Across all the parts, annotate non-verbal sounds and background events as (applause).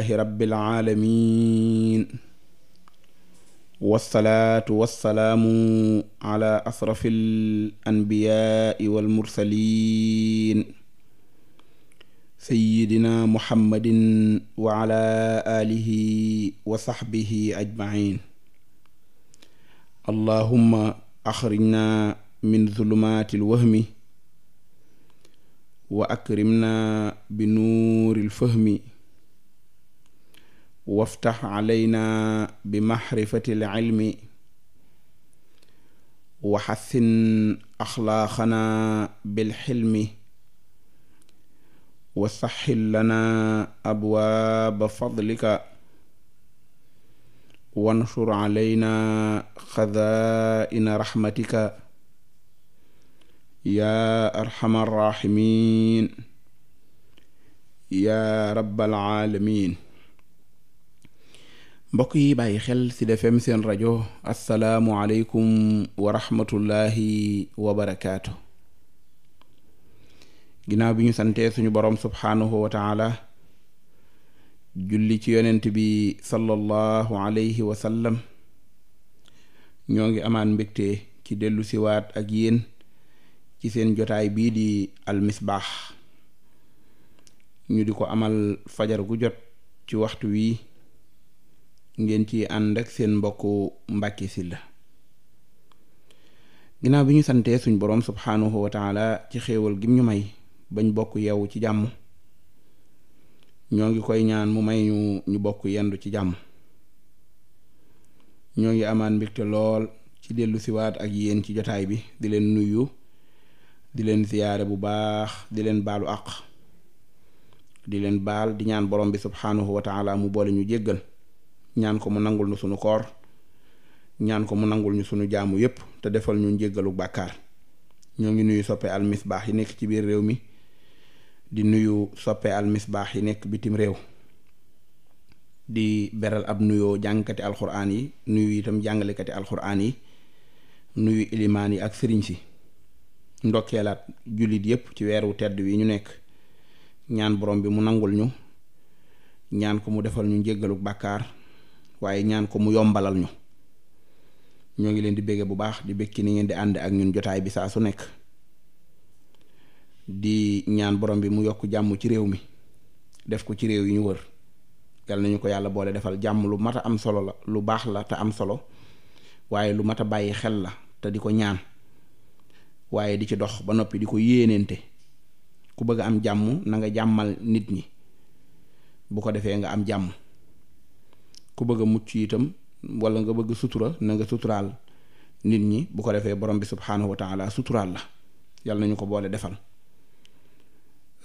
alhamdulillahi rabbil aalamiin wassalaatu wassalaamu ala asrafil anbiyaai wal mursaliin sayyidina muhammadin wa ala aalihi wa saxbihi ajmaciin allahumma axrijna min zulumaatil wahmi wa akrimna bi nuuril fahmi waftax alayna bi maxrifati lcilmi waxasin axlaaqana bilxilmi wasaxil lana abwaaba fadlika wansur alayna xazaa'ina raxmatika yaa arxama arraximin yaa rabbal caalamiin mbokk yi bàyyi xel ci Sud seen rajo asalaamualeykum wa rahmatullahi wa barakaatu. ginnaaw bi ñu santee suñu boroom subhaanahu wa taala julli ci yonent bi sallallahu alayhi wa ñoo ngi amaan mbégte ci dellu siwaat ak yéen ci seen jotaay bii di almisbaax ñu di ko amal fajar gu jot ci waxtu wi ngeen ci ànd ak seen mbokku Mbàkke Sylla ginnaaw bi ñu santee suñ boroom subhaanahu wa taala ci xéewal gim ñu may bañ bokk yeewu ci jàmm ñoo ngi koy ñaan mu may ñu bokk yendu ci jàmm ñoo ngi amaan mbégte lool ci dellu siwaat ak yéen ci jotaay bi di leen nuyu di leen ziyaare bu baax di leen baalu àq di leen baal di ñaan borom bi subhaanahu wa taala mu boole ñu jéggal ñaan ko mu nangul ñu sunu koor ñaan ko mu nangul ñu sunu jaamu yépp te defal ñu njéggalu bàkkaar ñoo ngi nuyu soppe Al Misbah yi nekk ci biir réew mi di nuyu soppe Al Misbah yi nekk bitim réew di beral ab nuyoo jàngkati alxuraan yi nuyu itam jàngalekati alxuraan yi nuyu ilimaan yi ak sëriñ si ndokkeelaat jullit yépp ci weeru tedd wi ñu nekk ñaan borom bi mu nangul ñu ñaan ko mu defal ñu njéggalu bàkkaar waaye ñaan ko mu yombalal ñu ñoo ngi leen di béggee bu baax di békki ni ngeen di ànd ak ñun jotaay bi saa su nekk di ñaan borom bi mu yokk jàmm ci réew mi def ko ci réew yi ñu wër yal nañu ko yàlla boole defal jàmm lu mat a am solo la lu baax la te am solo waaye lu mat a bàyyi xel la te di ko ñaan waaye di ci dox ba noppi di ko yéeneente ku bëgg a am jàmm nanga jàmmal nit ñi bu ko defee nga am jàmm ku bëgg a mucc itam wala nga bëgg sutura na nga suturaal nit ñi bu ko defee borom bi subhaanahu wa taala suturaal la yàlla nañu ko boole defal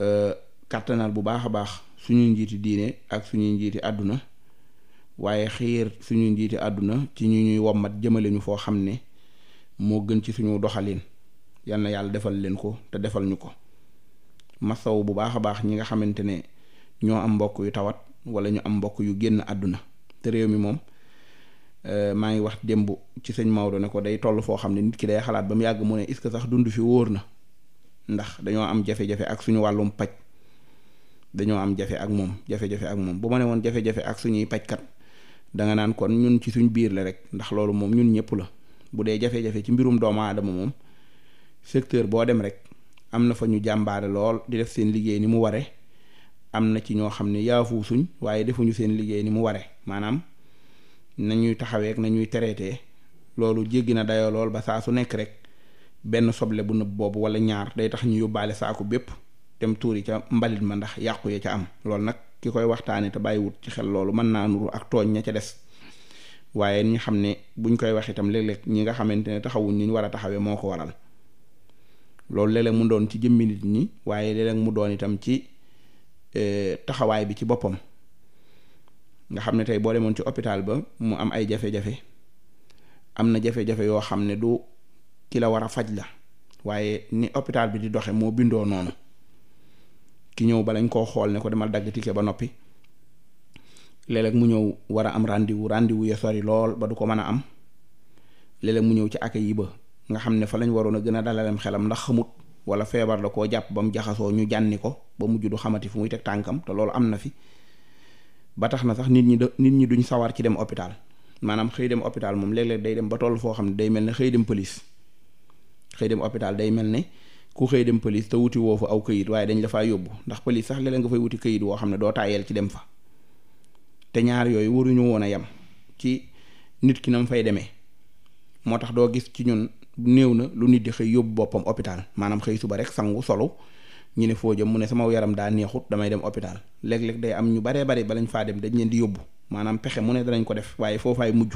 euh, kàttanal bu baax a baax suñu njiiti diine ak suñu njiiti àdduna waaye xiir suñu njiiti àdduna ci ñu ñuy wommat jëmale ñu foo xam ne moo gën ci suñu doxalin yal na yàlla defal leen ko te defal ñu ko masaw bu baax a baax ñi nga xamante ne ñoo am mbokk yu tawat wala ñu am mbokk yu génn àdduna te réew mi moom euh, maa ngi wax démb ci sëñ Maodo ne ko day toll foo xam ne nit ki day xalaat ba mu yàgg mu ne est-ce que sax dund fi wóor na ndax dañoo am jafe-jafe ak suñu wàllum paj dañoo am jafe ak moom jafe ak moom bu ma ne woon jafe-jafe ak suñuy pajkat danga naan kon ñun ci suñ biir la rek ndax loolu moom ñun ñëpp la bu dee jafe-jafe ci mbirum doomu aadama moom secteur boo dem rek am na fa ñu jàmbaare lool di def seen liggéey ni mu ware am na ci ñoo xam ne yaafu suñ waaye defuñu seen liggéey ni mu ware maanaam nañuy taxaweek nañuy traité loolu jéggi na dayoo lool ba saa su nekk rek benn soble bu nëb boobu wala ñaar day tax ñu yóbbaale saako bépp dem tuuri ca mbalit ma ndax yàqu ya ca am loolu nag ki koy waxtaanee te bàyyiwut ci xel loolu mën naa nuru ak tooñ ña ca des waaye ñu xam ne buñ koy wax itam léeg ñi nga xamante ne taxawuñ ñu war a taxawee moo ko waral loolu léeg-léeg mu doon ci jëmmi nit ñi waaye léeg mu doon itam ci eh, taxawaay bi ci boppam. nga xam ne tey boo demoon ci hôpital ba mu am ay jafe-jafe am na jafe-jafe yoo xam ne du ki la war a faj la waaye ni hôpital bi di doxe moo bindoo noonu ki ñëw ba lañ koo xool ne ko demal dagg ticket ba noppi léeg mu ñëw war a am rendez-vous rendez-vous ya sori lool ba du ko mën a am léeg mu ñëw ci ak yi ba nga xam ne fa lañ waroon a gën a dalaleem xelam ndax xamut wala feebar da koo jàpp ba mu jaxasoo ñu jànni ko ba mujj du xamati fu muy teg tànkam te loolu am na fi ba tax na sax nit ñi nit ñi duñ sawar ci dem hôpital maanaam xëy dem hôpital moom léeg-léeg day dem ba toll foo xam ne day mel ne xëy dem police xëy dem hôpital day mel ne ku xëy dem police te wuti woo fa aw këyit waaye dañ la yóbbu ndax police sax léeg-léeg nga fay wuti këyit woo xam ne doo taayeel ci dem fa te ñaar yooyu waruñu woon a yem ci nit ki nam fay demee moo tax doo gis ci ñun néew na lu nit di xëy yóbbu boppam hôpital maanaam xëy suba rek sangu solo ñu ne foo jëm mu ne sama yaram daa neexut damay dem hôpital léeg-léeg day am ñu baree bari balañ faa dem dañ leen di yóbbu maanaam pexe mu ne danañ ko def waaye foofaay mujj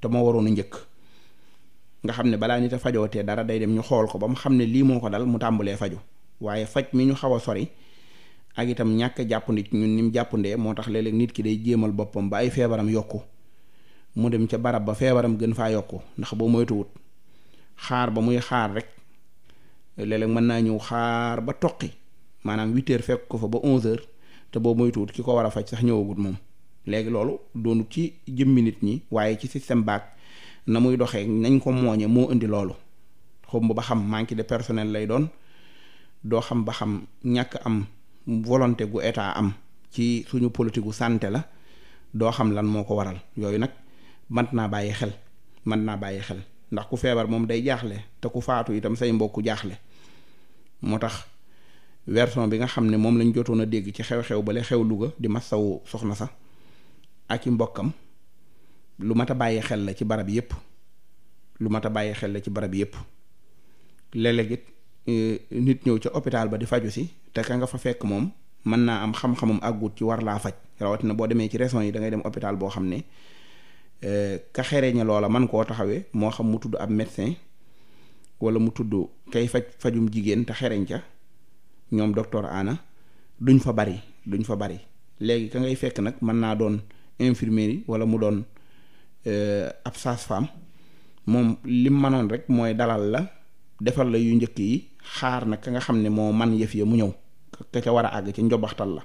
te moo waroon a njëkk nga xam ne balaa nit a fajootee dara day dem ñu xool ko ba mu xam ne lii moo ko dal mu tàmbalee faju waaye faj mi ñu xaw a sori ak itam ñàkk jàppandi ci ñun ni mu jàppandee moo tax léeg nit ki day jéemal boppam ba ay feebaram yokku mu dem ca barab ba feebaram gën faa yokku ndax boo moytuwut xaar ba muy xaar rek léeg-léeg mën naa ñëw xaar ba toqi maanaam huit heures fekk ko fa ba onze heures te boo moytuwut ki ko war a faj sax ñëwagut moom léegi loolu doonu ci jëmmi nit ñi waaye ci système baag na muy doxee nañ ko mooñe moo indi loolu xom ba xam manque de personnel lay doon doo xam ba xam ñàkk am volonté gu état am ci suñu politique gu santé la doo xam lan moo ko waral yooyu nag mant naa bàyyi xel mën naa bàyyi xel ndax ku feebar moom day jaaxle te ku faatu itam say mbokku jaaxle moo tax version bi nga xam ne moom lañ jotoon a dégg ci xew-xew bale xew Louga di masawu soxna sa ak i mbokkam lu mat a bàyyi xel la ci barab yépp lu mat a bàyyi xel la ci barab yépp léeg-léeg e, nit ñëw ca hôpital ba di faju si te ka nga fa fekk moom mën naa am xam-xamam àggut ci war laa faj rawatina boo demee ci région yi da ngay dem hôpital boo xam ne e, ka xereñe loola man koo taxawee moo xam mu tudd ab médecin wala mu tudd kay faj fajum jigéen te xereñ ca ñoom docteur Anna duñ fa bari duñ fa bari léegi ka ngay fekk nag mën naa doon infirmier wala mu doon euh, ab sage-femme moom lim mënoon rek mooy dalal la defal la yu njëkk yi xaar na ka nga xam ne moo man yëf ya mu ñëw ka ca war a àgg ca njobaxtal la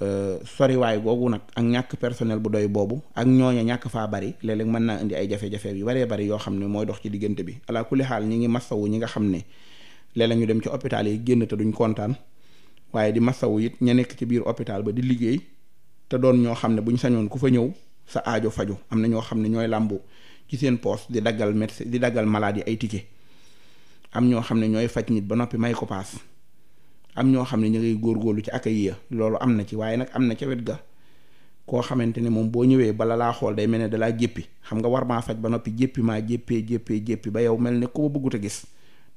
Euh, soriwaay googu nag ak ñàkk personnel bu doy boobu ak ñooña ñàkk faa bari léeg mën naa indi ay jafe-jafe yu baree bari yoo xam ne mooy dox ci diggante bi ala kulli xaal ñi ngi masawu ñi nga xam ne léeg-léeg ñu dem ci hôpital yi génn te duñ kontaan waaye di masawu it ña nekk ci biir hôpital ba di liggéey te doon ñoo xam ne buñ sañoon ku fa ñëw sa aajo faju am na ñoo xam ne ñooy làmbu ci seen poste di daggal médecin di daggal malade yi ay ticket am ñoo xam ne ñooy faj nit ba noppi may ko paas. am ñoo xam ne ñu góor góorlu ci accueil ya loolu am na ci waaye nag am na ca wet ga koo xamante ne moom boo ñëwee bala laa xool day mel ne dalaa jéppi xam nga war maa faj ba noppi jéppi maa jéppee jéppee jéppi ba yow mel ne ku ma bëggut a gis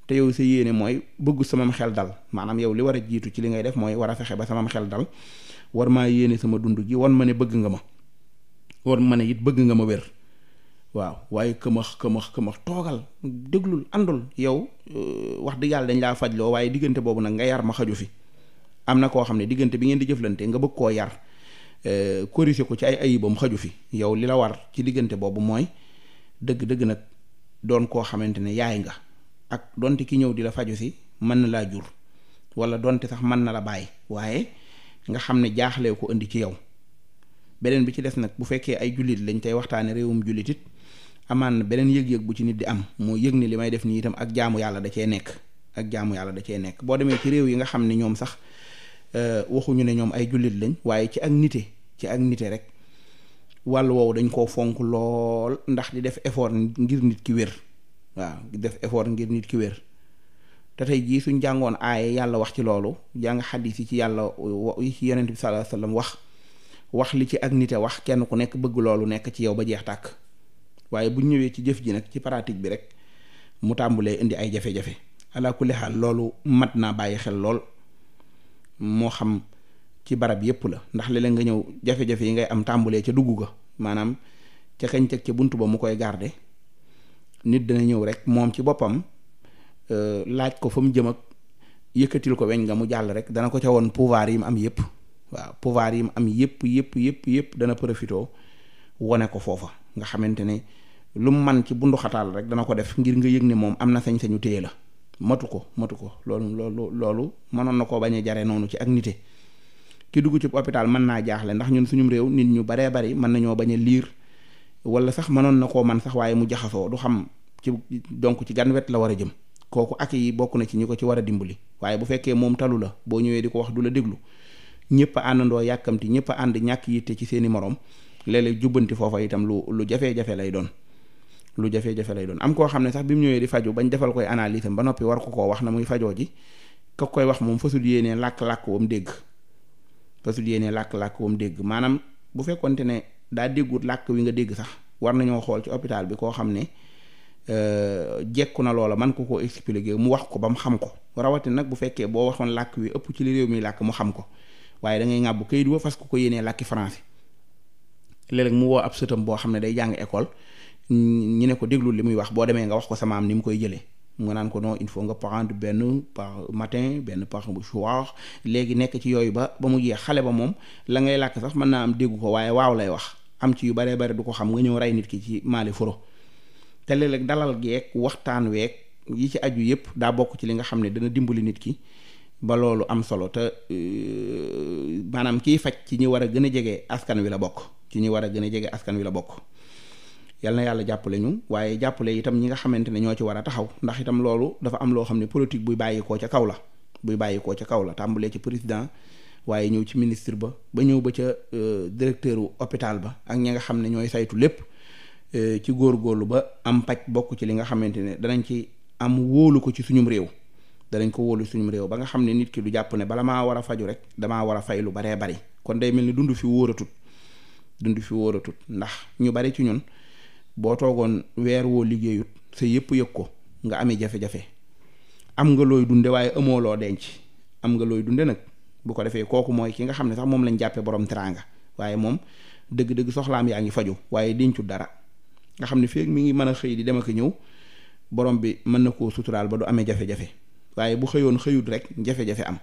te yow sa yéene mooy bëggu sama xel dal maanaam yow li war a jiitu ci li ngay def mooy war a fexe ba sama xel dal war maa yéene sama dund gi wan ma ne bëgg nga ma wan ma ne it bëgg nga ma wér waaw waaye këmax këmax këmax toogal déglul àndul yow euh, wax dëgg yàlla dañ laa fajloo waaye diggante boobu nag nga yar ma xaju fi am na koo xam ne diggante bi ngeen di jëflantee nga bëgg koo yar euh, corriger ko ci ay ayibam xaju fi yow li la war ci diggante boobu mooy dëgg-dëgg nag doon koo xamante ne yaay nga ak donte ki ñëw di la faju si mën na laa jur wala donte sax mën na la bàyyi waaye nga xam ne jaaxlee ko indi ci yow beneen bi ci des nag bu fekkee ay jullit lañ tey waxtaane réewum jullit amaan na beneen yëg-yëg bu ci nit di am moo yëg ni li may def nii ak jaamu yàlla da cee nekk ak jaamu yàlla da cee nekk boo demee ci réew yi nga xam ne ñoom sax euh, waxuñu ne ñoom ay jullit lañ waaye ci ak ci ak rek wàll woowu dañ koo fonk lool ndax di def effort ngir nit ki wér waaw def effort ngir nit ki wér te tey jii jàngoon aaye yàlla wax ci loolu jàng xadis yi ci yàlla yi ci yonent bi sa alayhi wasallam wax wax li ci ak nite wax kenn ku nekk bëgg loolu nekk ci yow ba jeex tàkk waaye bu ñëwee ci jëf ji nag ci pratique bi rek mu tàmbulee indi ay jafe-jafe ala kulli xaal loolu mat naa bàyyi xel lool moo xam ci barab yépp la ndax léeg nga ñëw jafe-jafe yi ngay am tàmbulee ca dugg ga maanaam ca kañ teg ca bunt ba mu koy garde nit dina ñëw rek moom ci boppam euh, laaj ko fa mu jëm ak yëkkatil ko weñ nga mu jàll rek dana ko ca woon pouvoir yi mu am yépp waaw pouvoir yi mu am yépp yépp yépp yépp dana profitoo wone ko foofa nga xamante ne lu mu man ci bundu xataal rek dana ko def ngir nga yëg ne moom am na sañ-sañu téye la matu ko matu ko loolu loolu loolu mënoon na koo bañ a jare noonu ci ak nite ki dugg ci hôpital mën naa jaaxle ndax ñun suñu réew nit ñu baree bari mën nañoo bañ liir wala sax mënoon na koo man sax waaye mu jaxasoo du xam ci donc ci gan la war a jëm kooku ak yi bokk na ci ñi ko ci war a dimbali waaye bu fekkee moom talu la boo ñëwee di ko wax du la déglu ñëpp a àndandoo yàkkamti ñëpp a ànd ñàkk yitte ci seeni moroom léeg-léeg jubbanti foofa itam lu lu jafe lay doon lu jafe-jafe lay doon am koo xam ne sax bi mu ñëwee di faju bañ defal koy analyse am ba noppi war ko koo wax na muy fajoo ji ka koy wax moom fasul yéenee làkk-làkk wam dégg fasul yéenee làkk-làkk wam dégg maanaam bu fekkonte ne daa déggut làkk wi nga dégg sax war nañoo xool ci hôpital bi koo xam ne euh, jekku na loola man ku ko koo mu wax ko ba mu xam ko rawatina nag bu fekkee boo waxoon làkk wi ëpp ci li réew mi làkk mu xam ko waaye da ngay ŋàbbu kayit wa fas ko ko yéenee làkki français léeg mu woo ab sëtam boo xam ne day jàng école ñi ne ko déglu li muy wax boo demee nga wax ko sa maam ni mu koy jëlee mu naan ko non il faut nga prendre benn par matin benn bu soir léegi nekk ci yooyu ba ba mu jeex xale ba moom la ngay làkk sax mën naa am déggu ko waaye waaw lay wax am ci yu baree bari du ko xam nga ñëw rey nit ki ci maali foro te léeg-léeg dalal geek waxtaan week yi ci aju yépp daa bokk ci li nga xam ne dana dimbali nit ki ba loolu am solo te euh, maanaam kiy faj ci ñu war a gën a jege askan wi la bokk ci ñi war a gën a jege askan wi la bokk yal na yàlla jàppale ñu waaye jàppale itam ñi nga xamante ne ñoo ci war a taxaw ndax itam loolu dafa am loo xam ne politique buy bàyyikoo ca kaw la buy bàyyikoo ca kaw la tàmbalee ci président waaye ñëw ci ministre ba ba ñëw ba ca euh, directeur wu hôpital ba ak ñi nga xam ne ñooy saytu lépp euh, ci góor góorlu ba am paj bokk ci li nga xamante ne danañ ci am wóolu ko ci suñum réew danañ ko wóolu suñum réew ba nga xam ne nit ki du jàpp ne bala maa war a faju rek damaa war a fay lu baree bari kon day mel ni dund fi wóoratut dund fi wóoratut ndax ñu bari ci ñun boo toogoon weer woo liggéeyut sa yëpp yëg ko nga amee jafe-jafe am nga looy dunde waaye amoo loo denc am nga looy dunde nag bu ko defee kooku mooy ki nga xam ne sax moom lañ jàppee borom teraanga waaye moom dëgg-dëgg soxlaam yaa ngi faju waaye dencut dara nga xam ne feeg mi ngi mën a xëy di dem ak ñëw borom bi mën na koo suturaal ba du amee jafe-jafe waaye bu xëyoon xëyut rek jafe-jafe am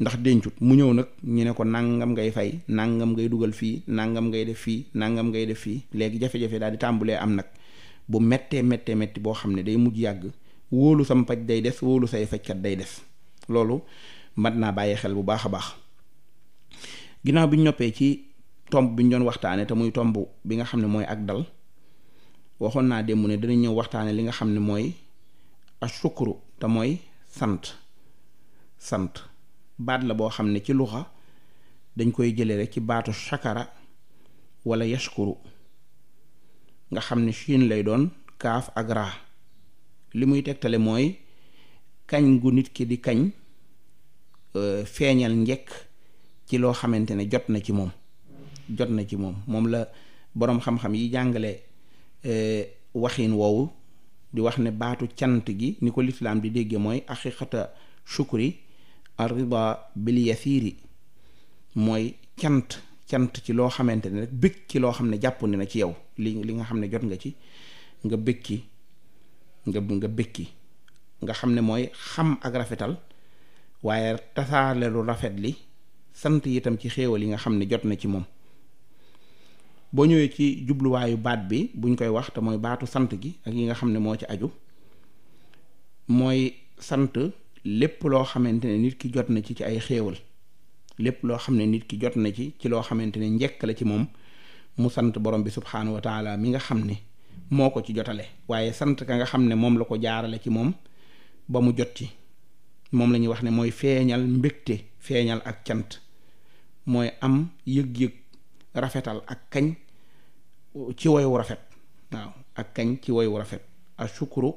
ndax dencut mu ñëw nag ñu ne ko nangam ngay fay nangam ngay dugal fii nangam ngay def fii nangam ngay def fii léegi jafe-jafe daal di tàmbulee am nag bu méttee méttee métti boo xam ne day mujj yàgg wóolu sam paj day des wóolu say fajkat day des loolu mat naa bàyyi xel bu baax a baax ginnaaw bi ñu noppee ci tomb bi ñu doon waxtaanee te muy tomb bi nga xam ne mooy ak dal waxoon naa démb ne dana ñëw waxtaanee li nga xam ne mooy asukuru te mooy sant sant. baat la boo xam ne ci luxa dañ koy jële rek ci baatu shakara wala yashkuru nga xam ne shiin lay doon kaaf ak raa li muy tegtale mooy kañ gu nit ki di kañ euh, feeñal njekk ci loo xamante ne jot na ci moom jot na ci moom moom la boroom xam-xam yi jàngale euh, waxin woowu di wax ne baatu cant gi ni ko lislaam di dégge mooy axiqata shukri arrida bil yasiiri mooy cant cant ci loo xamante ni rek bëgg ci loo xam ne jàpp ne na ci yow li li nga xam ne jot nga ci nga bëgg nga nga xam ne mooy xam ak rafetal waaye tasaare lu rafet li sant itam ci xéewal yi nga xam ne jot na ci moom boo ñëwee ci jubluwaayu baat bi buñ koy wax te mooy baatu sant gi ak yi nga xam ne moo ci aju mooy sant lépp loo xamante ne nit ki jot na ci ci ay xéewal lépp loo xam ne nit ki jot na ci ci loo xamante ne njekk la ci moom mu sant borom bi subxanahu wa taala mi nga xam ne moo ko ci jotale waaye sant ka nga xam ne moom la ko jaarale ci moom ba mu jot ci moom lañuy wax ne mooy feeñal mbëgte feeñal ak cant mooy am yëg-yëg rafetal ak kañ ci woywu rafet waaw ak kañ ci woywu rafet ashukru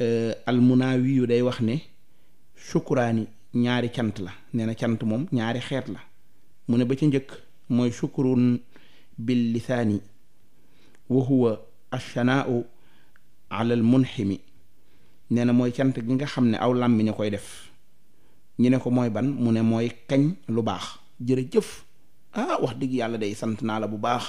euh, almunaawi yu day wax ne sukuraani ñaari cant la nee cant moom ñaari xeet la mu ne ba ca njëkk mooy sukurun bil lisaani waxuwa huwa ashanaau ala al munximi nee na mooy cant gi nga xam ne aw làmmiñ ña koy def ñu ne ko mooy ban mu ne mooy kañ lu baax jëf ah wax dëgg yàlla dey sant naa la bu baax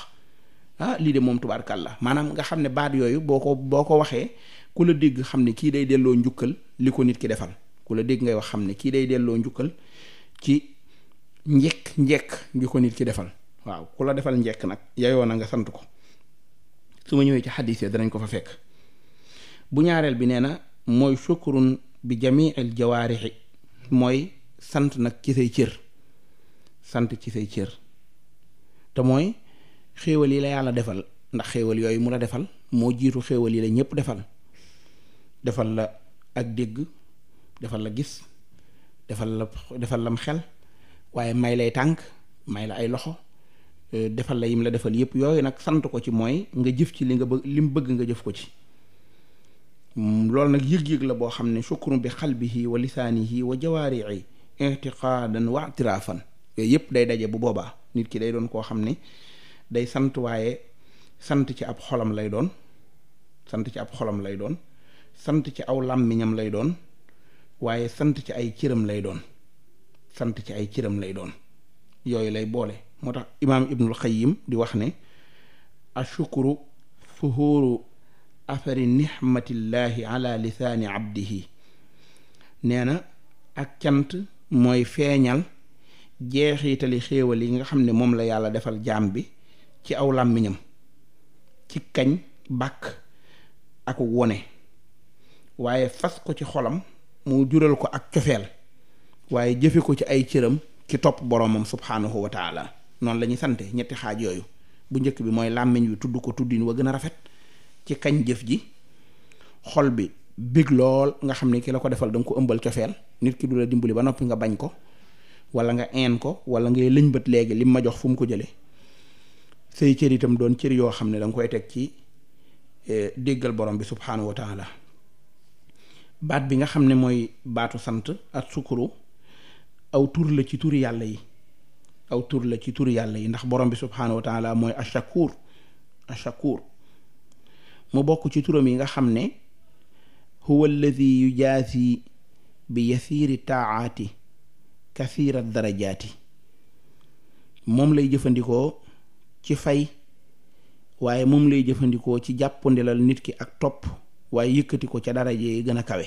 ah lii de moom la maanaam nga xam ne baat yooyu boo ko boo ko waxee ku la dégg xam ne kii day delloo njukkal li ko nit ki defal ku la dégg ngay wax xam ne kii day delloo njukkal ci njekk njekk ngi ko nit ki defal waaw ku la defal njekk nag yayoo na nga sant ko su ma ñëwee ci xadis ya danañ ko fa fekk bu ñaareel bi nee na mooy shukurun bi jamiil jawaarixi mooy sant nag ci say cër sant ci say cër te mooy xéewal yi la yàlla defal ndax xéewal yooyu mu la defal moo jiitu xéewal yi la ñépp defal defal la ak dégg defal la gis defal la defal lam xel waaye may lay tànk may la ay loxo euh, defal la yim la defal yépp yooyu nag sant ko ci mooy nga jëf ci li nga bëgg li bëgg nga jëf ko ci mm, loolu nag yëg-yëg la boo xam ne shukru bi xalbihi wa lisaanihi wa jawaarihi i'tiqaadan wa i'tiraafan yooyu yépp day daje bu boobaa nit ki day doon koo xam ne day sant waaye sant ci ab xolam lay doon sant ci ab xolam lay doon sant ci aw làmmiñam lay doon waaye sant ci ay cëram lay doon sant ci ay cëram lay doon yooyu lay boole moo tax imaam ibnul xayim di wax ne ashukuru suhuuru afari nixmatillahi ala lisaani abdihi nee na ak cant mooy feeñal jeexitali xéewal yi nga xam ne moom la yàlla defal jaam bi ci aw làmmiñam ci kañ bàkk ak wone waaye fas ko ci xolam mu jural ko ak cofeel waaye jëfe ko ci ay cëram ki topp boroomam subhaanahu wa taala noonu la ñuy sante ñetti xaaj yooyu bu njëkk bi mooy làmmiñ wi tudd ko tuddin wa gën a rafet ci kañ jëf ji xol bi big lool nga xam ne ki la ko defal da ko ëmbal cofeel nit ki du la dimbali ba noppi nga bañ ko wala nga een ko wala ngay lëñbët léegi lim ma jox fu mu ko jëlee say cër itam doon cër yoo xam ne danga koy teg ci eh, déggal borom bi subhaanahu wa taala baat bi nga xam ne mooy baatu sant ak sukuru aw tur la ci tur yàlla yi aw tur la ci turi yàlla yi ndax borom bi subhaanahu wa taala mooy ashakur ashakur mu bokk ci turam yi nga xam ne huwa yu yujaasi bi yasiiri taaati kasiira darajaati moom lay jëfandikoo ci fay waaye moom lay jëfandikoo ci jàppandilal nit ki ak topp waaye yëkkati ko ca dara yi gën a kawe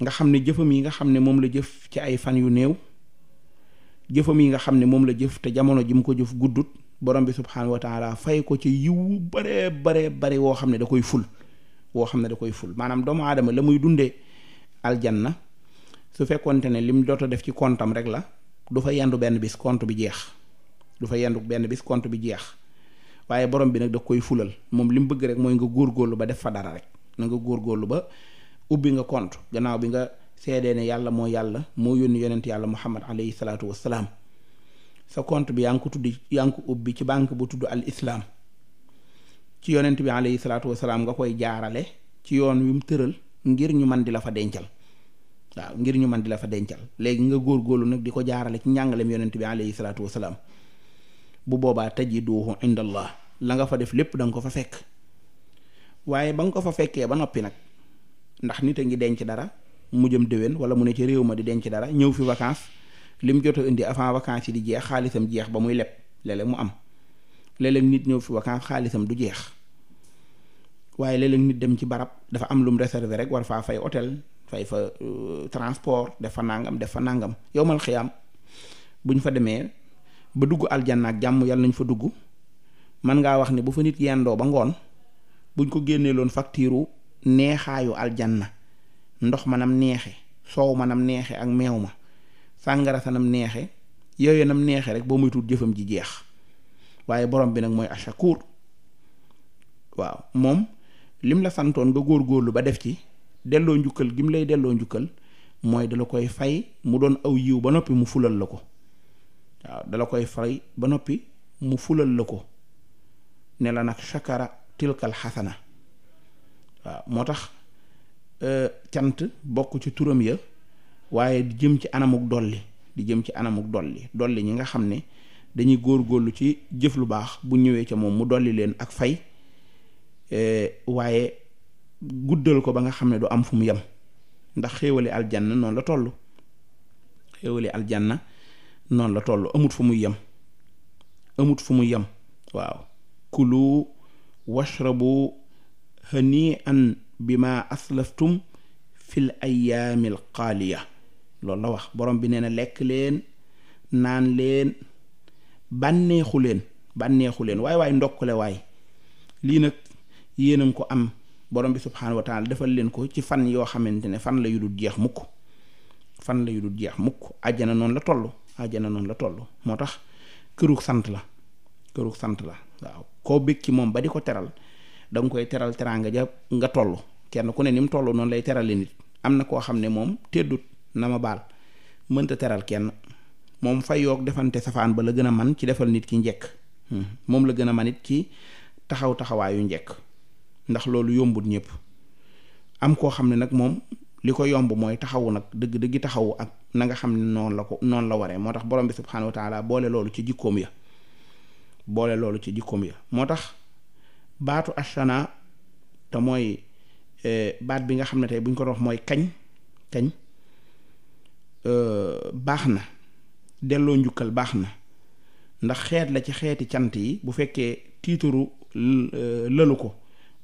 nga xam ne jëfam yi nga xam ne moom la jëf ci ay fan yu néew jëfam yi nga xam ne moom la jëf te jamono ji mu ko jëf guddut borom bi subxanahu wa taala fay ko ci yiw bare bare bare woo xam ne da koy ful woo xam ne da koy ful maanaam doomu aadama la muy dundee na su fekkonte ne lim doota def ci kontam rek la du fa yendu benn bis compte bi jeex du fa yendu benn bis compte bi jeex. waaye borom bi nag da koy fulal moom li mu bëgg rek mooy nga góorgóorlu ba def fa dara rek na nga góor góorgóorlu ba ubbi nga compte gannaaw bi nga seedee ne yàlla moo yàlla moo yónni yonent yàlla muhammad alayhi salaatu wassalaam sa compte bi yaa tudd yaa ubbi ci banque bu tudd al islaam ci yonent bi alayhi salaatu wassalaam nga koy jaarale ci yoon wi mu tëral ngir ñu man di la fa dencal waaw ngir ñu man di la fa dencal léegi nga góor góorlu nag di ko jaarale ci njàngaleem yonent bi alayhi salaatu wassalaam bu la nga fa def lépp danga ko fa fekk waaye ba nga ko fa fekkee ba noppi nag ndax nit a ngi denc dara mu jëm déwén wala mu ne ci réew ma di denc dara ñëw fi vacances lim jot indi avant vacances yi di jeex xaalisam jeex ba muy leb léeg mu am léeg nit ñëw fi vacances xaalisam du jeex waaye léeg-léeg nit dem ci barab dafa am lum réserver rek war faa fay hôtel fay fa euh, transport def fa nangam def fa nangam yow mal xiyaam bu fa demee ba dugg aljanna ak jàmm yàlla nañ fa dugg. man ngaa wax ne bu fa nit yendoo ba ngoon buñ ko génnee loon facture neexaayu aljanna ndox manam neexe soow manam neexe ak meew ma sàngara sanam neexe yooyu nam neexe rek boo muy tuut jëfam ji jeex waaye borom bi nag mooy ashakur waaw moom lim la santoon nga góorlu ba def ci delloo njukkal gim lay delloo njukkal mooy dala koy fay mu doon aw yiw ba noppi mu fulal la ko waaw dala koy fay ba noppi mu fulal la ko ne la nag shakara tilkal xasana waaw moo tax euh, cant bokk ci turam ya waaye di jëm ci anamuk dolli di jëm ci anamuk dolli dolli ñi nga xam ne dañuy góor góorlu ci jëf lu baax bu ñëwee ca moom mu dolli leen ak fay euh, waaye guddal ko ba nga xam ne du am fu mu yem ndax xéewali aljanna noon la toll xéewali aljanna noonu la toll amut fu muy yem amut fu muy yem waaw kulu washrabu hanian bima aslaftum fil ayaami al xaaliya loolu la wax borom bi nee na lekk leen naan leen bànneexu leen bànneexu leen waay waay ndokkule waay lii nag yéenam ko am borom bi subhaanahu wa defal leen ko ci fan yoo xamante ne fan la yu dul jeex mukk fan la yu dul jeex mukk àjjana noonu la toll àjjana noonu la toll moo tax kërug sant la kërug sant la waaw koo bëgg ci moom ba di ko teral da koy teral teraanga ja nga toll kenn ku ne ni mu toll noonu lay terale nit am na koo xam ne moom teddut na ma baal mënta teral kenn moom fay defante safaan ba la gën a man ci defal nit ki njekk hmm. moom la gën a man it ci taxaw njekk ndax loolu yombut ñëpp am koo xam ne nag moom li ko yomb mooy taxawu nag dëgg dëgg taxawu ak na nga xam ne noonu la ko noon la waree moo tax borom bi subxanahu boole loolu ci jikkoom ya boole loolu ci jikkoom ya moo tax baatu asana te eh, baat bi nga xam ne tey buñ ko dox mooy kañ kañ euh, baax na delloo njukkal baax na ndax xeet la ci xeeti cant yi bu fekkee tiituru euh, lëlu ko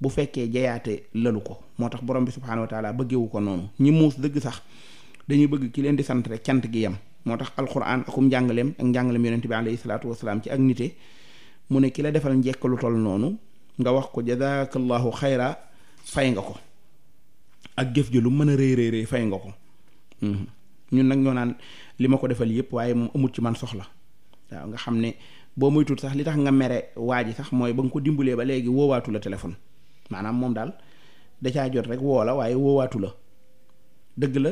bu fekkee jayaate lëlu ko moo tax borom bi subhaanahu wa taala bëggewu ko noonu ñi muus dëgg sax dañuy bëgg ki leen di sant rek cant gi yam moo tax alquran akum njàngaleem ak njàngaleem yonente bi alayhi wasalaam ci ak nite mu ne ki la defal njekk lu toll noonu nga wax ko jazaakallahu xayra fay nga ko ak jëf ji lu mën a rëy rëy rëy fay nga ko mhm. ñun nag ñoo naan li ma ko defal yépp waaye moom amul ci man soxla waaw nga xam ne boo muy tuut sax li tax nga mere waa ji sax mooy ba nga ko dimbalee ba léegi woowaatu la téléphone maanaam moom daal da caa jot rek woo la waaye woowaatu la dëgg la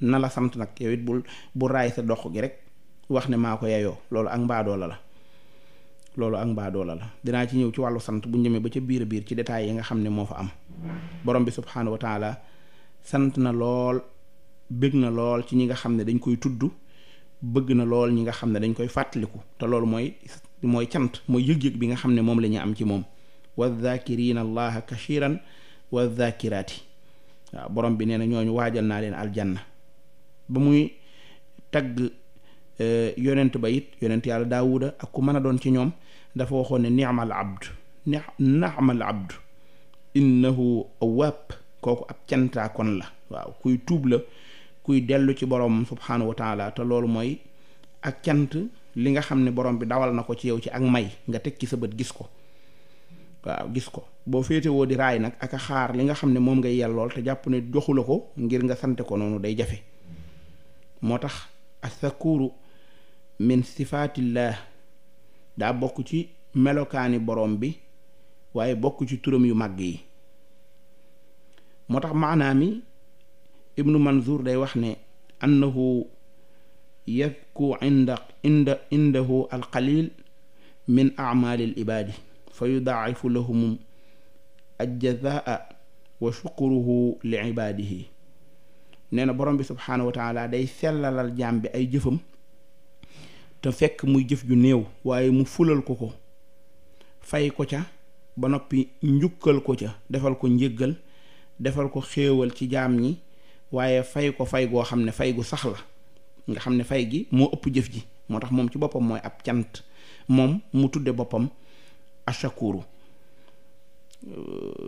na la sant nag yow it bul bu raay sa dox gi rek wax ne maa ko yayoo loolu ak mbaadoo la loolu ak mbaadoola la dinaa ci ñëw ci wàllu sant bu ñëmee ba ca biir biir ci détails yi nga xam ne moo fa am borom bi subhaanahu wa taala sant na lool bëgg na lool ci ñi nga xam ne dañ koy tudd bëgg na lool ñi nga xam ne dañ koy fàttaliku te loolu mooy mooy cant mooy yëg-yëg bi nga xam ne moom lañuy am ci moom wazakirina allaha kachiran wazakiraati waaw borom bi nee na ñooñu waajal naa leen aljanna ba muy tagg Eh, yonent ba it yonent yàlla daa daawuda ak ku mën a doon ci ñoom dafa waxoon ne ni'mal abd ni'mal abd innahu awwaab kooku ab cantaakon la waaw kuy tuub la kuy dellu ci borom subhaanahu wa te loolu mooy ak cant li nga xam ne borom bi dawal na ko ci yow ci ak may nga teg ci sa bët gis ko waaw gis ko boo féete woo di raay nag ak xaar li nga xam ne moom ngay yellool te jàpp ne joxu la ko ngir nga sante ko noonu day jafe moo tax asakuru min sifaatillah daa bokk ci melokaani borom bi waaye bokk ci turam yu màgg yi moo tax maanaa mi ibnu manzur day wax ne annahu yadku inda inda indahu alqalil min acmaali libaadi fa yudaacifu lahum aljazaa wa shukuruhu li ibaadihi nee na borom bi subhaanahu wa day sellalal jaam bi ay jëfam te fekk muy jëf ju néew waaye mu fulal ko ko fay ko ca ba noppi njukkal ko ca defal ko njëggal defal ko xéewal ci jaam ñi waaye fay ko fay goo xam ne fay gu sax la nga xam ne fay gi moo ëpp jëf ji moo tax moom ci boppam mooy ab cant moom mu tudde boppam ashakuru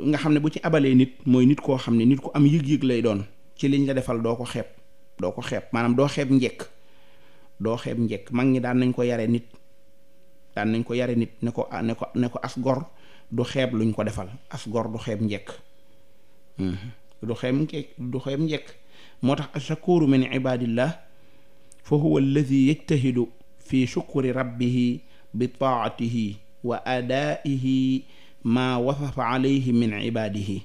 nga xam ne bu ci abalee nit mooy nit koo xam ne nit ku am yëg-yëg lay doon ci liñ la defal doo ko xeeb doo ko xeeb maanaam doo xeeb njekk doo xeeb njekk mag ñi daan nañ ko yare nit daan nañ ko yare nit ne ko ne ko ne ko as du xeeb luñ ko defal as gor du xeeb njekk mm-hmm. du xeeb njekk moo tax ashakuuru min ibadillah fa huwa alladi yajtahidu fi shukri rabbihi bi taatihi wa adaihi ma wasafa alayhi min ibadihi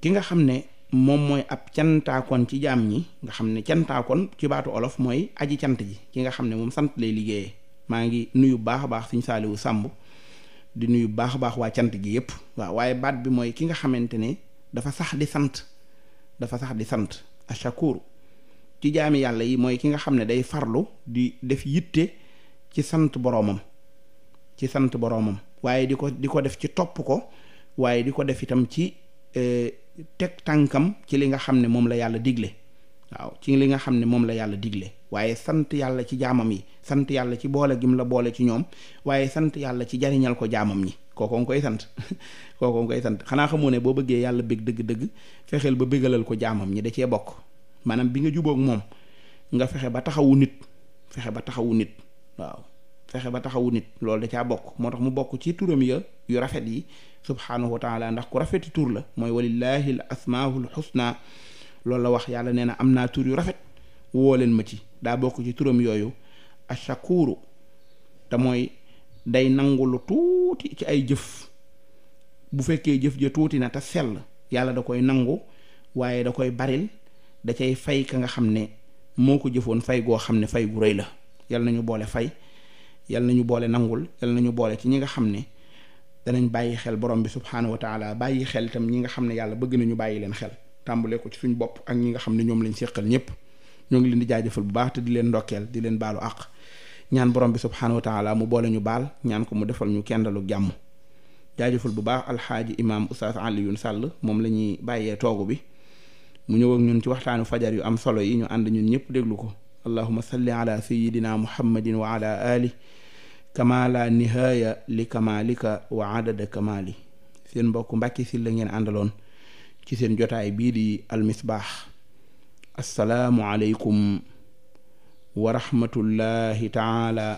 ki nga xam ne moom mooy ab cantaakoon ci jaam ñi nga xam ne cantaakoon ci baatu olof mooy aji cant ji ki nga xam ne moom sant lay liggéeyee maa ngi nuyu baax a baax suñ saaliwu sàmb di nuyu baax a baax waa cant gi yépp waaw waaye baat bi mooy ki nga xamante ne dafa sax di sant dafa sax di sant ashakuru ci jaami yàlla yi mooy ki nga xam ne day farlu di def yitte ci sant boroomam ci sant boroomam waaye di ko di ko def ci topp ko waaye di ko def itam ci eh, teg tànkam ci li nga xam ne moom la yàlla digle waaw ci li nga xam ne moom la yàlla digle waaye sant yàlla ci jaamam yi sant yàlla ci boole gim la boole ci ñoom waaye sant yàlla ci jariñal ko jaamam ñi kooko nga koy sant (laughs) kooko nga koy sant xanaa xamoo ne boo bëggee yàlla bég dëgg-dëgg fexeel ba bégalal ko jaamam ñi da cee bokk maanaam bi nga jubook moom nga fexe ba taxawu nit fexe ba taxawu nit waaw fexe ba taxawu nit loolu da caa bokk moo tax mu bokk ci turam rafet yi subhaanahu wa taala ndax ku rafeti tuur la mooy walillahi l asmaahul xusna loolu la wax yàlla nee na am naa tur yu rafet woo leen ma ci daa bokk ci turam yooyu ashakuru te mooy day nangu lu tuuti ci ay jëf bu fekkee jëf ja tuuti na te sell yàlla da koy nangu waaye da koy baril da cay fay ka nga xam ne moo ko jëfoon fay goo xam ne fay gu rëy la yal ñu boole fay yal nañu boole nangul na ñu boole ci ñi nga xam ne danañ bàyyi xel borom bi subhaanahu wa taala bàyyi xel itam ñi nga xam ne yàlla bëgg nañu bàyyi leen xel tàmbale ko ci suñ bopp ak ñi nga xam ne ñoom lañ séqal ñëpp ñoo ngi leen di jaajëfal bu baax te di leen ndokkeel di leen baalu àq ñaan borom bi subhaanahu wa taala mu boole ñu baal ñaan ko mu defal ñu kendalu jàmm jaajëfal bu baax alxaaji imaam oustaz Alioune Sall moom la ñuy bàyyee toogu bi mu ñëw ñun ci waxtaanu fajar yu am solo yi ñu ànd ñun ñëpp déglu ko kamaa la nihaaya li kamaalika wa adada kamaali seen mbokk Mbàkke Sylla ngeen àndaloon ci seen jotaay bii di almisbaax asalaamualeykum wa taala